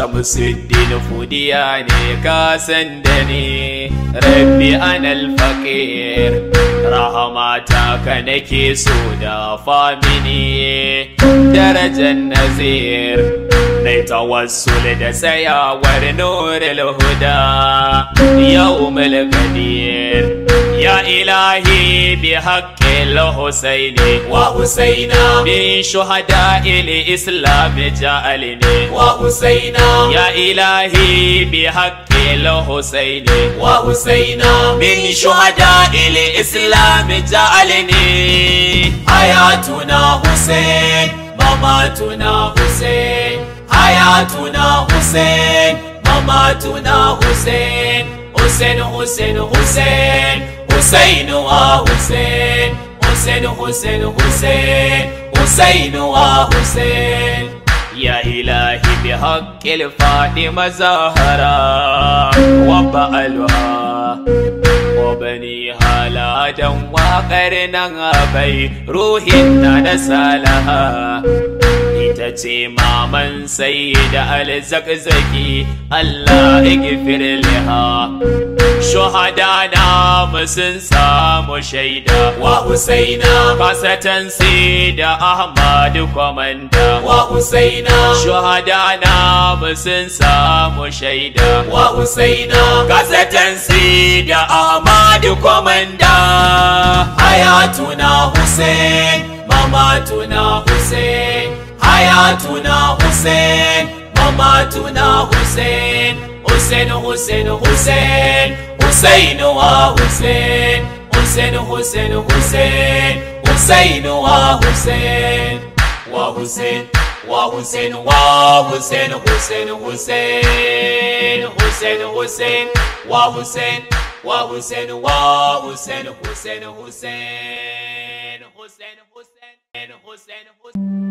shamsuddin fudiya ne ka san da ni rabbi anal Rahama rahamata ka nake so da famini darajan nazir na tawassul da tsayawar nurul huda yau qadir يا إلهي بحق الحسين وحسينا من شهداء الإسلام جعلني وحسينا يا إلهي بحق الحسين وحسينا من شهداء الإسلام جعلني حياتنا حسين مماتنا حسين حياتنا حسين مماتنا حسين حسين حسين حسين Husainu wa Husainu Husainu Husainu Husainu. Ya ila himi hakkin faɗi maza hara Wabba Al-Wa'id, ko ba ni hala don waƙar nan akai ruhin na da sala. Ita ce maman saida alzakzaki, Allah iki firi shuhadana mu sun samu shaida wa husaina kasatan da ahmad kwamanda wa husaina na mu sun samu shaida wa husaina kasatan da ahmad kwamanda hayatuna husain mamatuna husain hayatuna husain mamatuna husain Hussein, Hussein, Hussein, Hussein wa Hussein, Hussein, Hussein, Hussein, Hussein wa Hussein, wa Hussein, wa Hussein, wa Hussein, Hussein, Hussein, Hussein, Hussein, wa Hussein, Hussein, Hussein, Hussein, Hussein, Hussein, Hussein, Hussein, Hussein.